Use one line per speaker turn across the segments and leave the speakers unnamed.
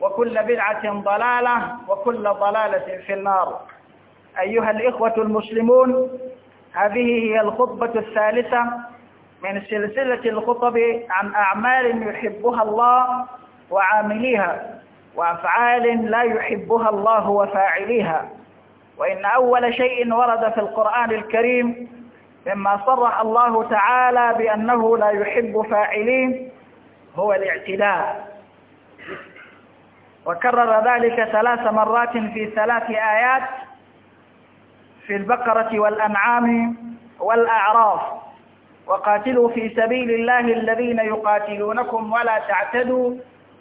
وكل بدعة ضلالة وكل ضلالة في النار أيها الإخوة المسلمون هذه هي الخطبة الثالثة من سلسلة الخطب عن أعمال يحبها الله وعامليها وأفعال لا يحبها الله وفاعليها وإن أول شيء ورد في القرآن الكريم مما صرح الله تعالى بأنه لا يحب فاعلين هو الاعتداء وكرر ذلك ثلاث مرات في ثلاث آيات في البقرة والأنعام والأعراف وقاتلوا في سبيل الله الذين يقاتلونكم ولا تعتدوا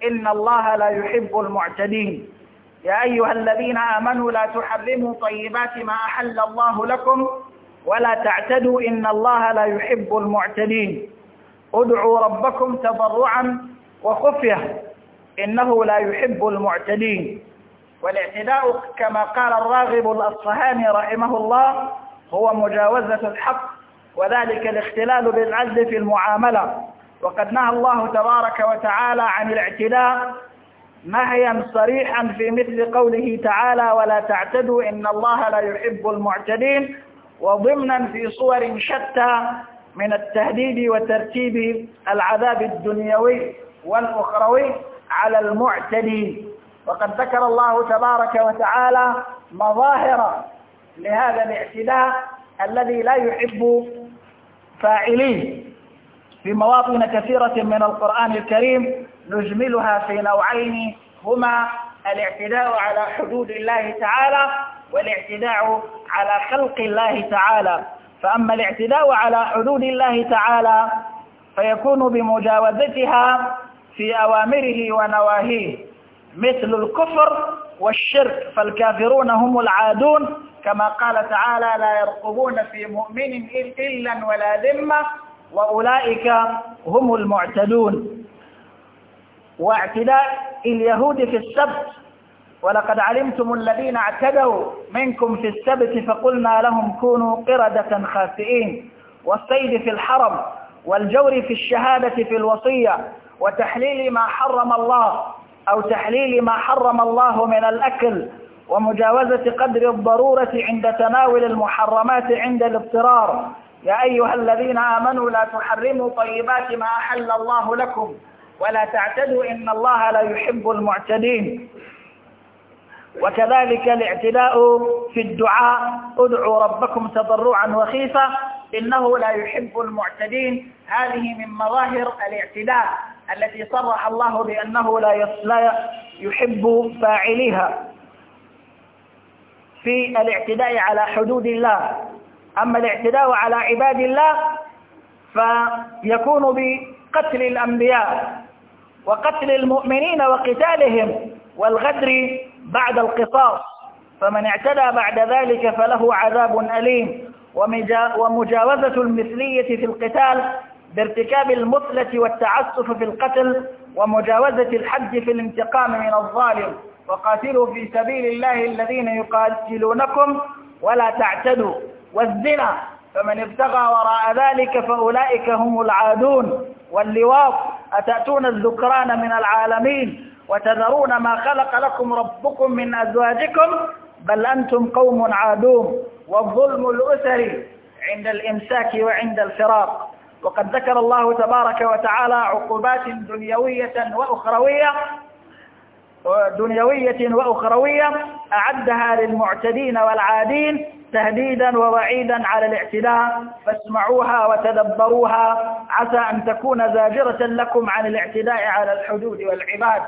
إن الله لا يحب المعتدين يا أيها الذين آمنوا لا تحرموا طيبات ما أحل الله لكم ولا تعتدوا إن الله لا يحب المعتدين ادعوا ربكم تضرعا وخفيه إنه لا يحب المعتدين والاعتداء كما قال الراغب الأصفهاني رحمه الله هو مجاوزة الحق وذلك الاختلال بالعدل في المعاملة وقد نهى الله تبارك وتعالى عن الاعتداء نهيا صريحا في مثل قوله تعالى ولا تعتدوا إن الله لا يحب المعتدين وضمنا في صور شتى من التهديد وترتيب العذاب الدنيوي والأخروي على المعتدي وقد ذكر الله تبارك وتعالى مظاهر لهذا الاعتداء الذي لا يحب فاعليه في مواطن كثيرة من القرآن الكريم نجملها في نوعين هما الاعتداء على حدود الله تعالى والاعتداء على خلق الله تعالى فأما الاعتداء على حدود الله تعالى فيكون بمجاوزتها في أوامره ونواهيه مثل الكفر والشرك فالكافرون هم العادون كما قال تعالى لا يرقبون في مؤمن إلا ولا ذمة وأولئك هم المعتدون واعتداء اليهود في السبت ولقد علمتم الذين اعتدوا منكم في السبت فقلنا لهم كونوا قردة خاسئين والصيد في الحرم والجور في الشهادة في الوصية وتحليل ما حرم الله أو تحليل ما حرم الله من الأكل ومجاوزة قدر الضرورة عند تناول المحرمات عند الاضطرار يا أيها الذين آمنوا لا تحرموا طيبات ما أحل الله لكم ولا تعتدوا إن الله لا يحب المعتدين وكذلك الاعتداء في الدعاء ادعوا ربكم تضرعا وخيفة إنه لا يحب المعتدين هذه من مظاهر الاعتداء التي صرح الله بأنه لا يحب فاعليها في الاعتداء على حدود الله أما الاعتداء على عباد الله فيكون بقتل الأنبياء وقتل المؤمنين وقتالهم والغدر بعد القصاص فمن اعتدى بعد ذلك فله عذاب أليم ومجاوزة المثلية في القتال بارتكاب المثلة والتعسف في القتل ومجاوزة الحد في الانتقام من الظالم وقاتلوا في سبيل الله الذين يقاتلونكم ولا تعتدوا والزنا فمن ابتغى وراء ذلك فأولئك هم العادون واللواط أتأتون الذكران من العالمين وتذرون ما خلق لكم ربكم من أزواجكم بل أنتم قوم عادون والظلم الأسري عند الإمساك وعند الفراق وقد ذكر الله تبارك وتعالى عقوبات دنيوية وأخروية دنيوية وأخروية أعدها للمعتدين والعادين تهديدا ووعيدا على الاعتداء فاسمعوها وتدبروها عسى أن تكون زاجرة لكم عن الاعتداء على الحدود والعباد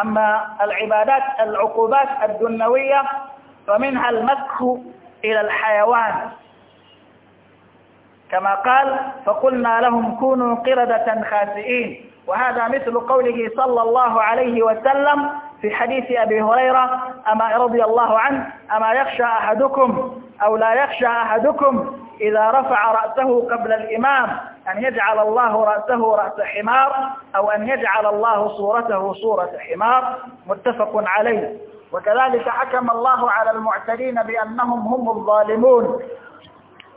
أما العبادات العقوبات الدنيوية فمنها المسخ إلى الحيوان كما قال فقلنا لهم كونوا قردة خاسئين وهذا مثل قوله صلى الله عليه وسلم في حديث أبي هريرة أما رضي الله عنه أما يخشى أحدكم أو لا يخشى أحدكم إذا رفع رأسه قبل الإمام أن يجعل الله رأسه رأس حمار أو أن يجعل الله صورته صورة حمار متفق عليه وكذلك حكم الله على المعتدين بأنهم هم الظالمون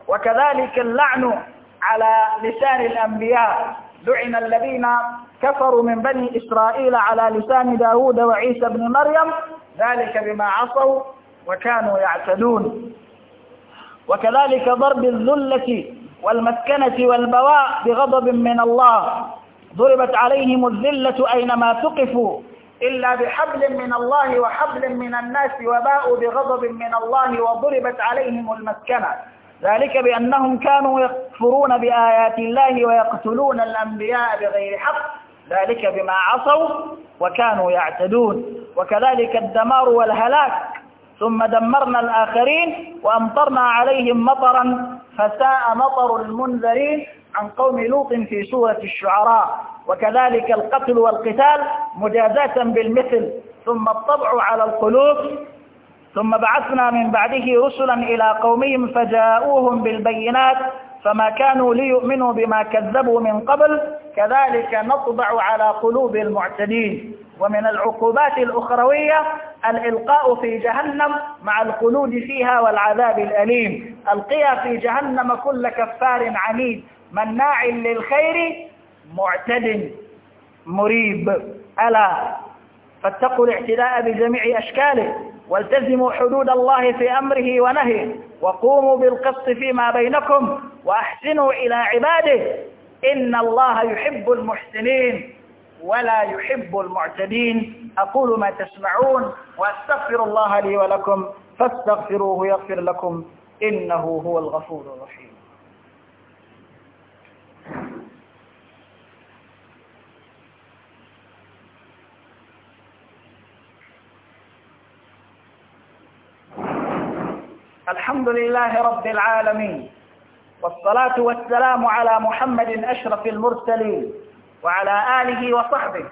وكذلك اللعن على لسان الأنبياء لعن الذين كفروا من بني إسرائيل على لسان داود وعيسى بن مريم ذلك بما عصوا وكانوا يعتدون وكذلك ضرب الذلة والمسكنة والبواء بغضب من الله ضربت عليهم الذلة أينما تقفوا إلا بحبل من الله وحبل من الناس وباءوا بغضب من الله وضربت عليهم المسكنة ذلك بأنهم كانوا يكفرون بآيات الله ويقتلون الأنبياء بغير حق ذلك بما عصوا وكانوا يعتدون وكذلك الدمار والهلاك ثم دمرنا الآخرين وأمطرنا عليهم مطرا فساء مطر المنذرين عن قوم لوط في سورة الشعراء وكذلك القتل والقتال مجازاة بالمثل ثم الطبع على القلوب ثم بعثنا من بعده رسلا إلى قومهم فجاءوهم بالبينات فما كانوا ليؤمنوا بما كذبوا من قبل كذلك نطبع على قلوب المعتدين ومن العقوبات الأخروية الإلقاء في جهنم مع الخلود فيها والعذاب الأليم القيا في جهنم كل كفار عنيد مناع للخير معتد مريب ألا فاتقوا الاعتداء بجميع أشكاله والتزموا حدود الله في أمره ونهيه وقوموا بالقسط فيما بينكم وأحسنوا إلى عباده إن الله يحب المحسنين ولا يحب المعتدين أقول ما تسمعون وأستغفر الله لي ولكم فاستغفروه يغفر لكم إنه هو الغفور الرحيم الحمد لله رب العالمين والصلاة والسلام على محمد أشرف المرسلين وعلى آله وصحبه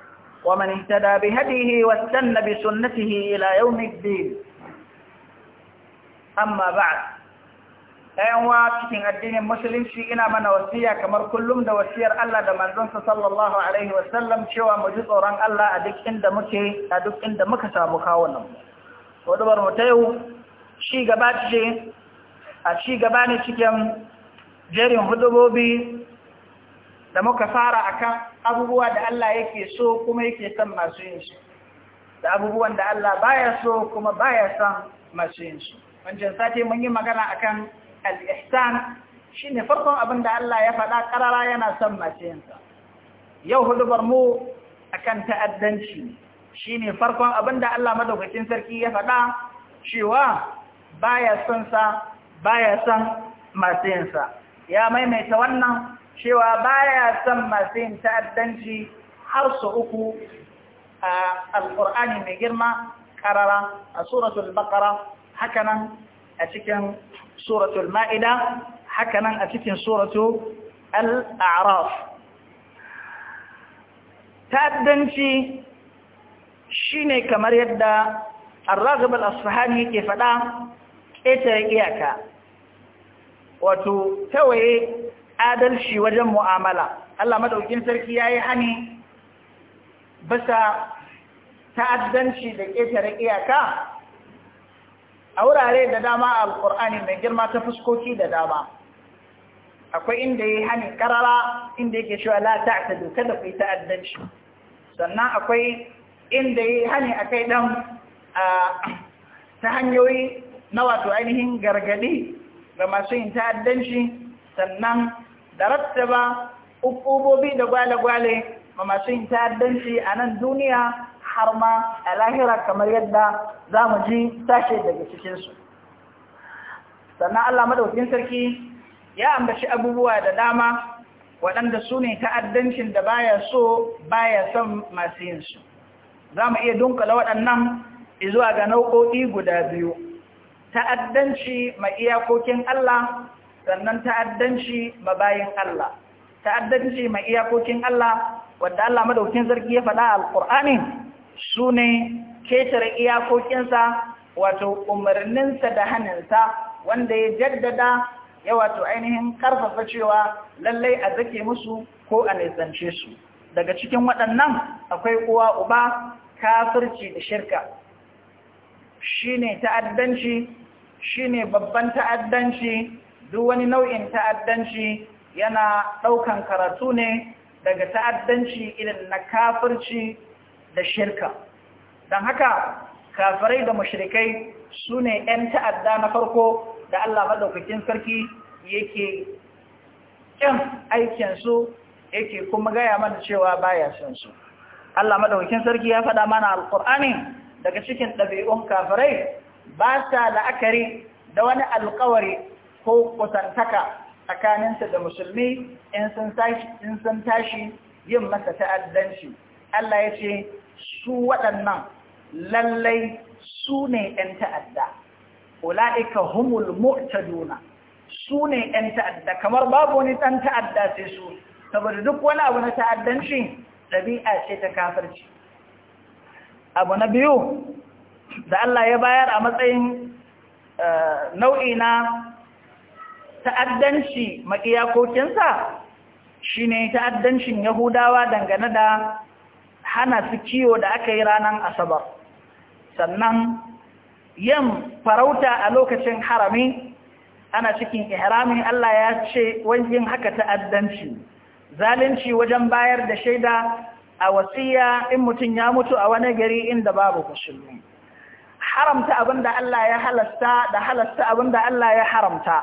ومن اهتدى بهديه واستنى بسنته إلى يوم الدين أما بعد أيوة cikin addinin musulunci ina mana wasiya kamar kullum da wasiyar Allah da manzonsa sallallahu alaihi wasallam cewa mu ji tsoron Allah a duk inda muke a duk inda muka samu kawunan. mu ta yau ci gaba ce a ci gaba ne cikin jerin hudubobi da muka fara akan abubuwa da Allah yake so kuma yake son masu yin su da abubuwan da Allah baya so kuma baya son masu yin su wancan sati mun yi magana akan al-ihsan shine farkon abin da Allah ya faɗa karara yana son masu yin sa yau hudubar mu akan ta'addanci shine farkon abin da Allah madaukakin sarki ya faɗa cewa baya son sa baya son masu ya maimaita wannan cewa baya son masu ta'addanci har su uku a mai girma karara a suratul baqara hakanan a cikin suratul ma'ida hakanan a cikin suratu al-a'raf ta'addanci shine kamar yadda Al-Raghib Al-Asfahani yake faɗa ƙetaren iyaka wato tawaye adalci wajen mu'amala Allah madaukin sarki ya yi hani bisa ta'addanci da ƙetaren iyaka a wurare da dama a alƙur'ani mai girma ta fuskoki da dama akwai inda ya yi hani ƙarara, inda yake cewa la ta'tadu doka da kai ta'addanci sannan akwai inda ya yi hani a kai ɗan ah, ta hanyoyi na wato ainihin gargadi ga masu yin ta'addanci sannan da rattaba ukubobi da gwale-gwale ga masu yin ta'addanci a nan duniya har ma a lahira kamar yadda za mu ji tashe daga cikinsu sannan Allah madaukin sarki ya ambaci abubuwa da dama waɗanda su ne ta'addancin da baya so baya son masu su. za mu iya dunkula waɗannan izuwa ga nau'o'i guda biyu ta'addanci ma iyakokin Allah sannan ta'addanci ma bayin Allah ta'addanci ma iyakokin Allah wanda Allah madaukin sarki ya faɗa su ne ketare iyakokinsa wato umarninsa da haninsa wanda ya jaddada ya wato ainihin karfafa cewa lallai a zake musu ko a nisance su daga cikin waɗannan akwai uwa uba kafirci da shirka shine ta'addanci Shi ne babban ta'addanci duk wani nau'in ta'addanci yana ɗaukan karatu ne daga ta'addanci irin na kafirci da shirka don haka kafirai da mashirikai su ne 'yan ta'adda na farko da Allah maɗaukakin sarki yake ƙin aikinsu yake kuma gaya mana cewa baya son su Allah maɗaukakin sarki ya faɗa mana alƙur'ani daga cikin ɗabi'un kafirai ba sa la'akari da wani alkawari ko kusantaka tsakaninsa da musulmi in sun tashi yin masa ta'addanci Allah ya ce su waɗannan lallai su ne ‘yan ta'adda ula'ika humul mu'taduna su ne ‘yan ta'adda kamar babu wani ɗan ta'adda sai su saboda duk wani abu na ta'addanci ɗabi'a ce ta kafirci abu na biyu da Allah ya bayar a matsayin eh, nau'i na ta'addanci maƙiyakokinsa shi ne ta'addancin Yahudawa dangane da hana su kiwo da aka yi ranar Asabar. Sannan yin farauta a lokacin harami ana cikin ihrami Allah ya ce wajen haka ta'addanci. Zalunci wajen bayar da shaida a wasiya in mutum ya mutu a wani gari inda babu kusurmi. haramta abin da Allah ya halasta da halasta abin da Allah ya haramta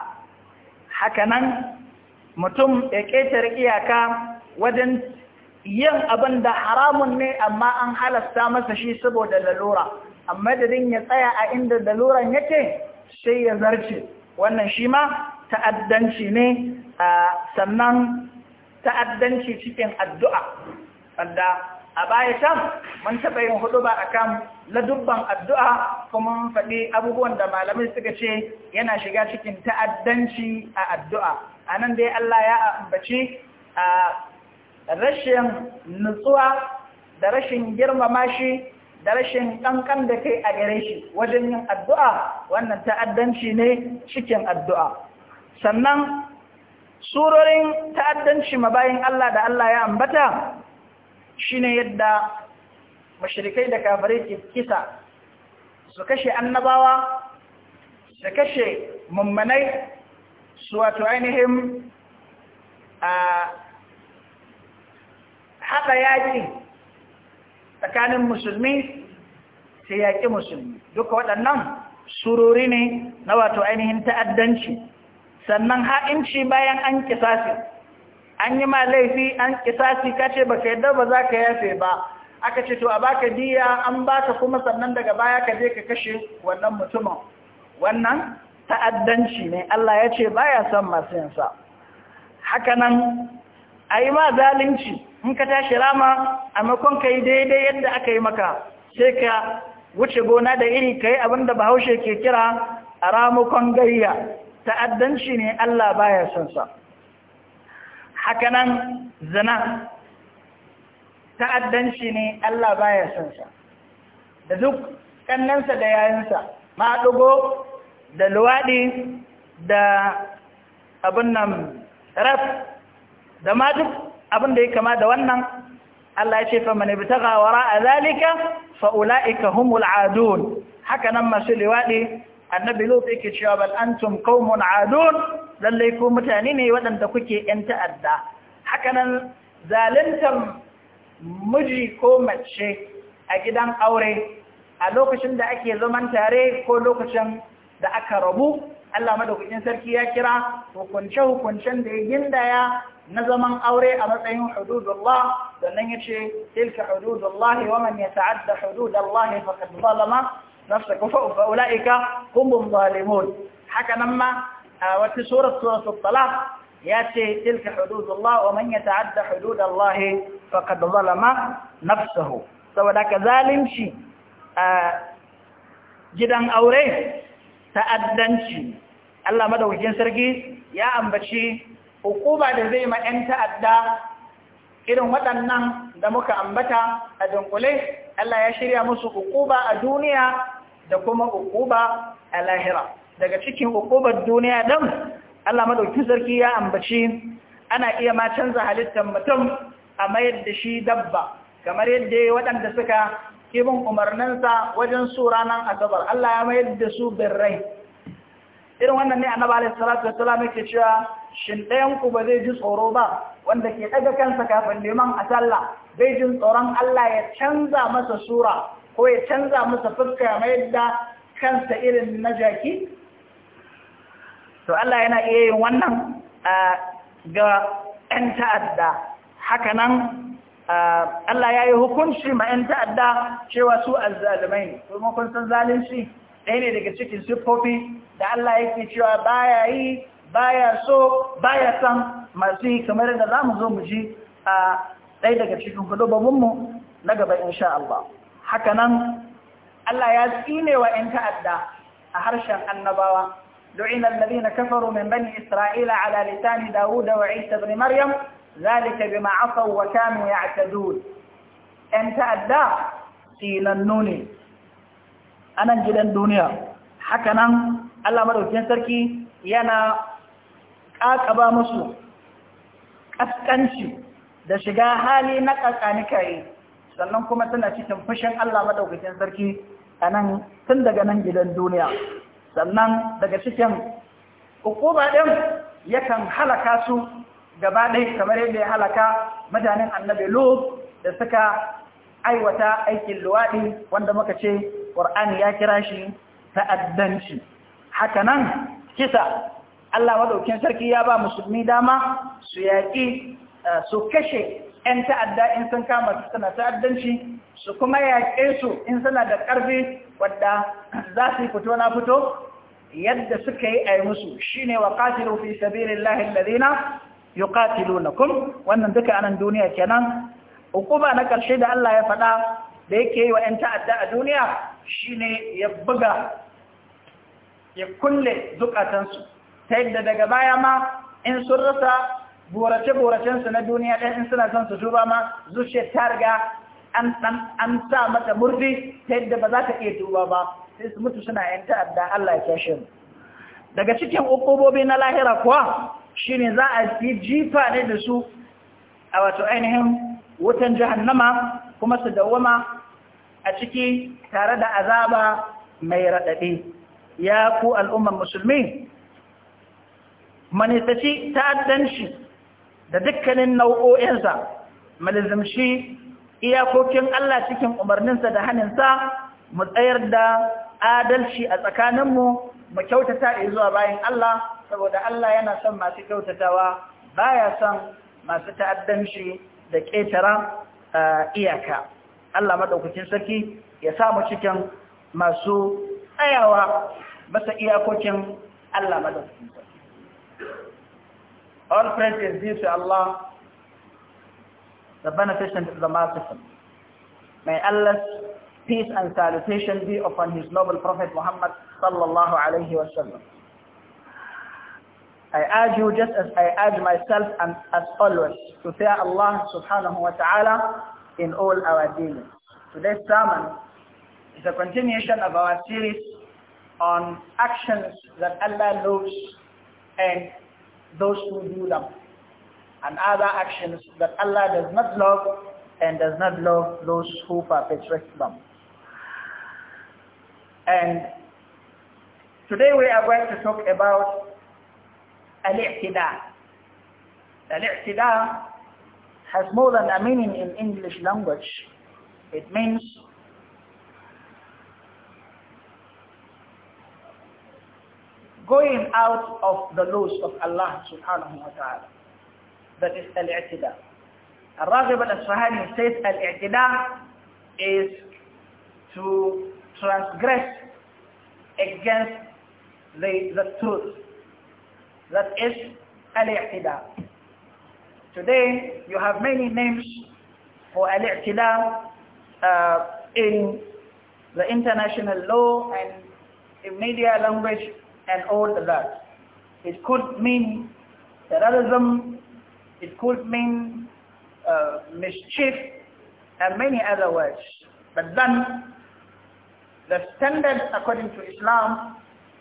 hakanan mutum ya ƙetare iyaka wajen yin abin da haramun ne amma an halasta masa shi saboda lalura amma dadin ya tsaya a inda laluran yake sai ya zarce wannan shi ma ta'addanci ne sannan ta'addanci cikin addu'a wanda a baya can mun taɓa yin hudu ba a kan ladubban addu'a kuma mun faɗi abubuwan da malamai suka ce yana shiga cikin ta'addanci a addu'a a nan dai Allah ya ambaci a rashin nutsuwa da rashin girmama shi da rashin ƙanƙan da kai a gare shi wajen yin addu'a wannan ta'addanci ne cikin addu'a sannan surorin ta'addanci mabayin Allah da Allah ya ambata ne yadda mashirikai da kafirai ke kisa su kashe annabawa su kashe mummanai su wato ainihin a haɗa yaƙi tsakanin musulmi sai yaƙi musulmi duka waɗannan sururi ne na wato ainihin ta'addanci sannan ha'inci bayan an su an yi ma laifi an kisasi kace baka yadda ba za ka yafe ba aka ce to a baka diya an baka kuma sannan daga baya ka je ka kashe wannan mutumin wannan ta'addanci ne Allah ya ce baya son masu yansa haka nan a yi ma zalunci in ka tashi rama a makon ka yi daidai yadda aka yi maka sai ka wuce gona da iri ka yi abin da bahaushe ke kira a ramukon gayya ta'addanci ne Allah baya son sa hakanan zina ta'addanci ne Allah baya son sa da duk kannansa da yayinsa dugo da luwaɗi da abun nan raf da ma duk abin da ya kama da wannan Allah ya ce fa man ibtaga wara zalika fa ulaika humul adun haka masu luwaɗi annabi lut yake cewa bal antum qaumun adun lallai ko mutane ne waɗanda kuke ‘yan ta'adda hakanan zaluntar miji ko mace a gidan aure a lokacin da ake zaman tare ko lokacin da aka rabu Allah madaukakin sarki ya kira hukunce-hukuncen da ya gindaya na zaman aure a matsayin hududullah sannan ya ce tilka hududullah wa man yata'adda hududallah faqad zalama nafsahu fa ulaika hum zalimun haka nan ma A wata surar suratul talaq ya ce tilka hududullah wa man yata'adda hududallah faqad zalama nafsuhu saboda ka zalunci a gidan aure ta'addanci Allah madaukakin sarki ya ambaci hukuma da zai ma ƴan ta'adda irin waɗannan da muka ambata a dunkule Allah ya shirya musu hukuma a duniya da kuma hukuma a lahira daga cikin hukumar duniya ɗan Allah maɗauki sarki ya ambaci ana iya ma canza halittar mutum a mayar da shi dabba kamar yadda ya waɗanda suka kimin umarninsa wajen su ranar gabar. Allah ya mayar da su birrai irin wannan ne annaba alaihi salatu salam yake cewa shin ɗayan ku ba zai ji tsoro ba wanda ke ɗaga kansa kafin neman a sallah zai ji tsoron Allah ya canza masa sura ko ya canza masa fuska ya mayar da kansa irin na jaki to Allah yana iya yin wannan ga ‘yan ta'adda Haka nan, Allah ya yi hukunci ma ‘yan ta'adda cewa su azzalumai ne kuma kun san zalunci ɗaya ne daga cikin siffofi da Allah yake cewa baya yi baya so baya san masu yi kamar da za mu zo mu ji a ɗaya daga cikin mu na gaba insha Allah Haka nan, Allah ya tsinewa wa ‘yan ta'adda a harshen annabawa لعن الذين كفروا من بني إسرائيل على لسان داود وعيسى بن مريم ذلك بما عصوا وكانوا يعتدون أنت أدى سيلا نوني أنا جدا دنيا حكنا الله مدوكين سركي ينا أكبا مسلم أسكنشي da shiga hali na ƙaƙani kai sannan kuma tana cikin fushin Allah madaukakin sarki a nan tun daga nan gidan duniya sannan daga cikin hukuma ɗin yakan halaka su gaba ɗai kamar yadda ya halaka mutanen annabi lut da suka aiwata aikin luwaɗi wanda muka ce ƙur'ani ya kira shi ta'addanci hakanan kisa Allah maɗaukin sarki ya ba musulmi dama su yaƙi eh, su kashe ‘yan ta'adda in sun kama su suna ta'addanci su kuma yaƙe su in suna da ƙarfi wadda za su yi fito na fito yadda suka yi a yi musu shi ne wa ƙatilu fi sabirin lahin lalina yi ƙatilu na kun wannan duka anan duniya kenan hukuma na ƙarshe da Allah ya faɗa da yake yi wa ‘yan ta'adda a duniya shi ne ya buga ya kulle zukatansu ta yadda daga baya ma in sun rasa borace-boracensu na duniya ɗan in suna son su tuba ma zuciyar ta riga an sa mata murfi ta yadda ba za ta iya tuba ba sai su mutu suna yan ta'adda Allah ya shi mu daga cikin ukubobi na lahira kuwa shine za a yi jifa ne da su a wato ainihin wutan jahannama kuma su dawwama a ciki tare da azaba mai raɗaɗe ya ku al'umman musulmi manisaci ta'addanci da dukkanin nau'o'insa malizimshi iyakokin Allah cikin umarninsa da haninsa mu tsayar da adalci a tsakaninmu mu kyautata zuwa bayan Allah saboda Allah yana son masu kyautatawa baya son masu ta'addanci da ƙetara iyaka Allah madaukakin sarki ya samu cikin masu tsayawa masa iyakokin Allah madaukakin sarki all praise is due to Allah the beneficent of the merciful. May Allah's peace and salutation be upon his noble Prophet Muhammad sallallahu alayhi wa sallam. I urge you just as I urge myself and as always to fear Allah subhanahu wa ta'ala in all our dealings. Today's sermon is a continuation of our series on actions that Allah loves and those who do them and other actions that Allah does not love and does not love those who perpetrate them. And today we are going to talk about al-i'tida. Al-i'tida has more than a meaning in English language. It means going out of the laws of Allah subhanahu wa ta'ala that is al-i'tida. Al-Raghib al-Asfahani says al-i'tida is to transgress against the, the truth. That is al-i'tida. Today you have many names for al-i'tida uh, in the international law and in media language and all that. It could mean terrorism, it could mean uh, mischief and many other words. But then the standard according to Islam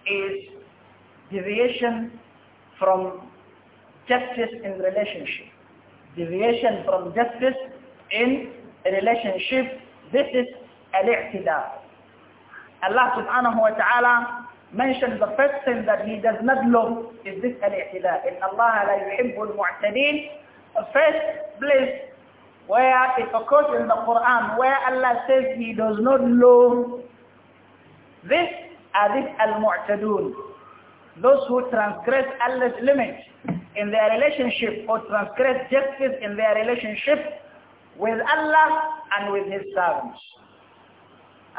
is deviation from justice in relationship. Deviation from justice in relationship. This is al-i'tidal. Allah subhanahu wa ta'ala mentions the first sin that he does not love is this al In Allah, la لَا al الْمُعْتَدِينَ A first place where it occurs in the Quran where Allah says he does not love this are al-mu'tadun. Those who transgress Allah's limits in their relationship or transgress justice in their relationship with Allah and with his servants.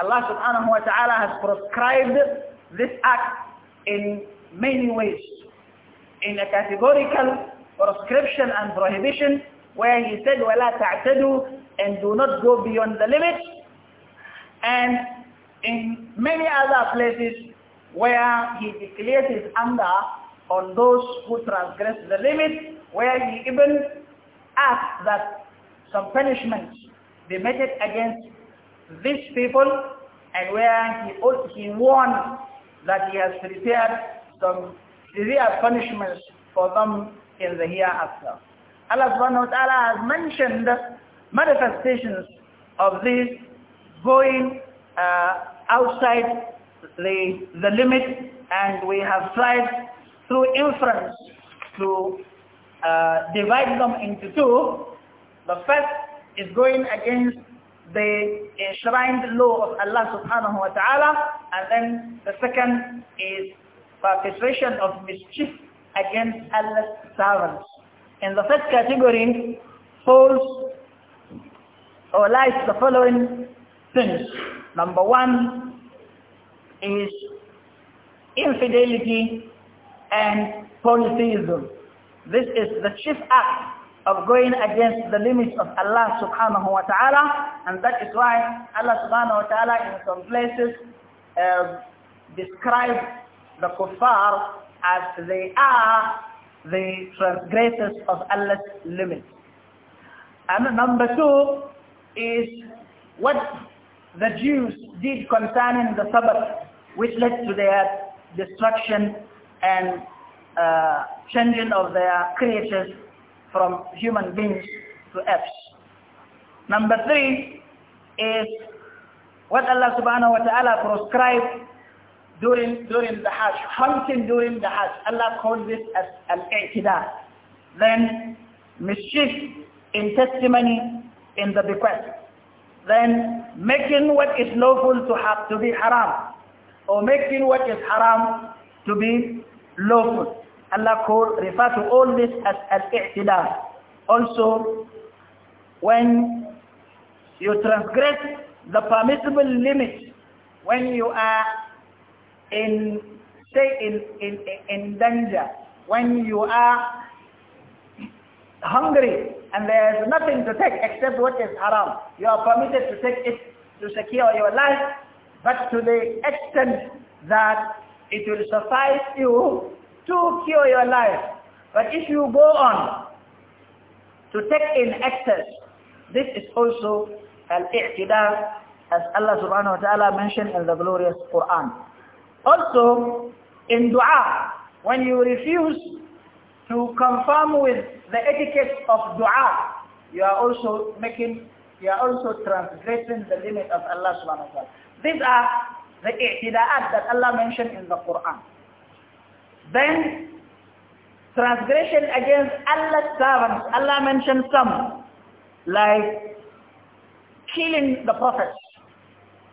Allah subhanahu wa ta'ala has prescribed this act in many ways. In a categorical prescription and prohibition where he said, وَلَا تَعْتَدُوا and do not go beyond the limit. And in many other places where he declares his anger on those who transgress the limit, where he even asks that some punishment be meted against these people and where he, he warns that he has prepared some severe punishments for them in the hereafter. Allah subhanahu wa ta'ala has mentioned manifestations of this going uh, outside the, the limit and we have tried through inference to uh, divide them into two. The first is going against the enshrined law of Allah subhanahu wa ta'ala and then the second is perpetration of mischief against Allah's servants. In the first category falls or lies the following things. Number one is infidelity and polytheism. This is the chief act of going against the limits of Allah subhanahu wa ta'ala and that is why Allah subhanahu wa ta'ala in some places uh, um, describes the kuffar as they are the transgressors of Allah's limits. And number two is what the Jews did concerning the Sabbath which led to their destruction and uh, changing of their creatures from human beings to apes. Number three is what Allah subhanahu wa ta'ala prescribes during, during the Hajj, hunting during the Hajj. Allah called this as al-i'tida. Then mischief in testimony in the bequest. Then making what is lawful to have to be haram or making what is haram to be lawful. Allah called, referred to all this as al-i'tidal. Also, when you transgress the permissible limit, when you are in, say, in, in, in danger, when you are hungry and there is nothing to take except what is haram, you are permitted to take it to secure your life, but to the extent that it will suffice you to cure your life. But if you go on to take in excess, this is also al-i'tidal as Allah subhanahu wa ta'ala mentioned in the glorious Quran. Also, in dua, when you refuse to conform with the etiquette of dua, you are also making, you are also transgressing the limit of Allah subhanahu wa ta'ala. These are the i'tida'at that Allah mentioned in the Quran. Then transgression against Allah's servants, Allah mentioned some, like killing the prophets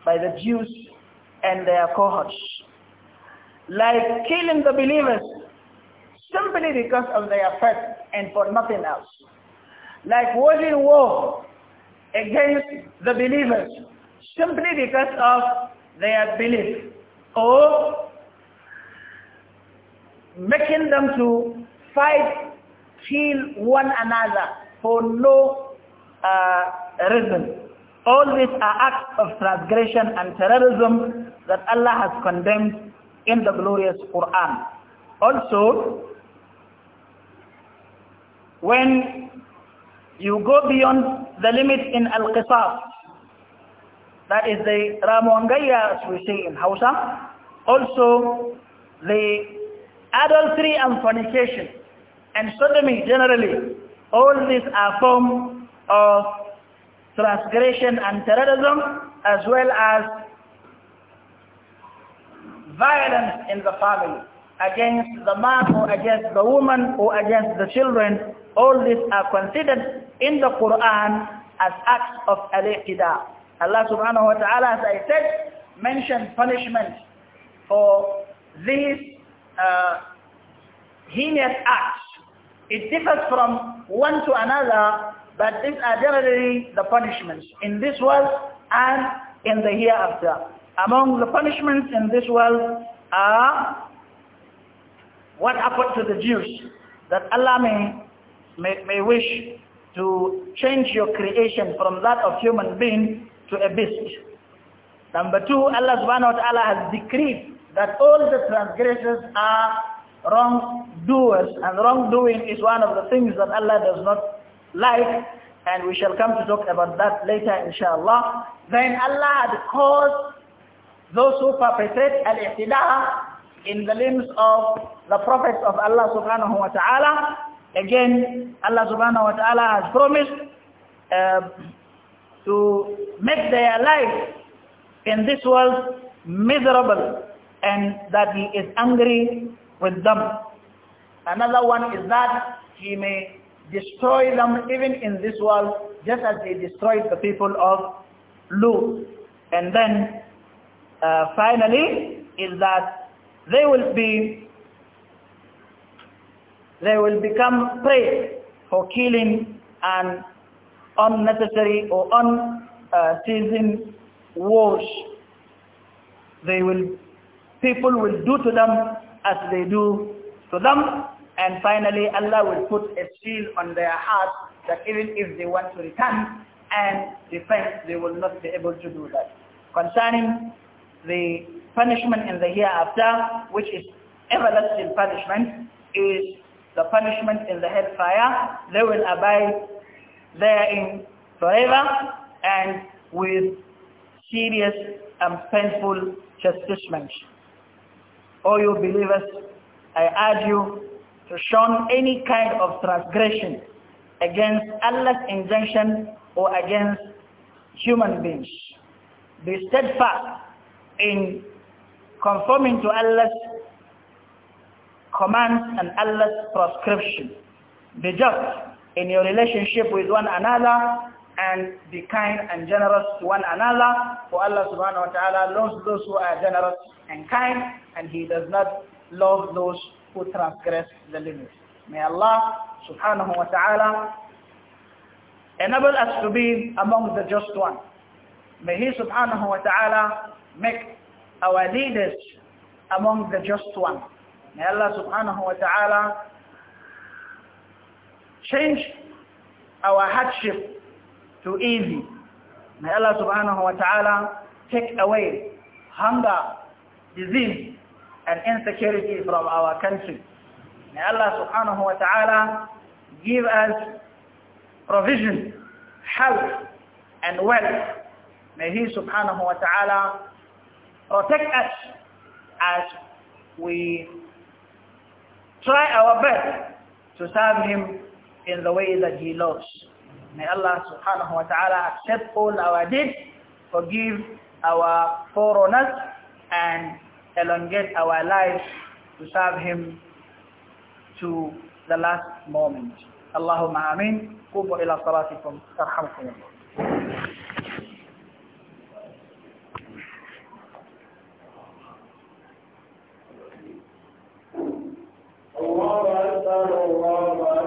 by the Jews and their cohorts, like killing the believers simply because of their faith and for nothing else, like waging war against the believers simply because of their belief or making them to fight, kill one another for no uh, reason. All these are acts of transgression and terrorism that Allah has condemned in the glorious Quran. Also, when you go beyond the limit in Al-Qisas, that is the Ramongaya as we say in Hausa, also the adultery and fornication, and sodomy generally, all these are forms of transgression and terrorism as well as violence in the family against the man or against the woman or against the children. All these are considered in the Quran as acts of al-iqtida. Allah subhanahu wa ta'ala, as I said, mentioned punishment for these uh, heinous acts. It differs from one to another, but these are generally the punishments in this world and in the hereafter. Among the punishments in this world are what happened to the Jews, that Allah may, may, may wish to change your creation from that of human being to a beast. Number two, Allah subhanahu wa ta'ala has decreed that all the transgressors are wrongdoers and wrongdoing is one of the things that Allah does not like and we shall come to talk about that later inshallah. Then Allah had caused those who perpetrate al-ihtidah in the limbs of the prophets of Allah subhanahu wa ta'ala. Again, Allah subhanahu wa ta'ala has promised uh, to make their life in this world miserable and that he is angry with them. Another one is that he may destroy them even in this world just as he destroyed the people of Lut. And then uh, finally is that they will be they will become prey for killing and unnecessary or unceasing uh, wars. They will people will do to them as they do to them. And finally, Allah will put a seal on their heart that even if they want to return and repent, they will not be able to do that. Concerning the punishment in the hereafter, which is everlasting punishment, is the punishment in the hellfire. They will abide therein forever and with serious and painful chastisement. O oh, you believers, I urge you to shun any kind of transgression against Allah's injunction or against human beings. Be steadfast in conforming to Allah's commands and Allah's prescription. Be just in your relationship with one another and be kind and generous to one another for Allah subhanahu wa ta'ala loves those who are generous and kind, and He does not love those who transgress the limits. May Allah subhanahu wa ta'ala enable us to be among the just one. May He subhanahu wa ta'ala make our leaders among the just one. May Allah subhanahu wa ta'ala change our hardship to easy. May Allah subhanahu wa ta'ala take away hunger disease and insecurity from our country. May Allah subhanahu wa ta'ala give us provision, health and wealth. May He subhanahu wa ta'ala protect us as we try our best to serve Him in the way that He loves. May Allah subhanahu wa ta'ala accept all our deeds, forgive our forerunners, and elongate our lives to serve him to the last moment. Allahumma amin. Qubu ila salatikum. Tarhamukum.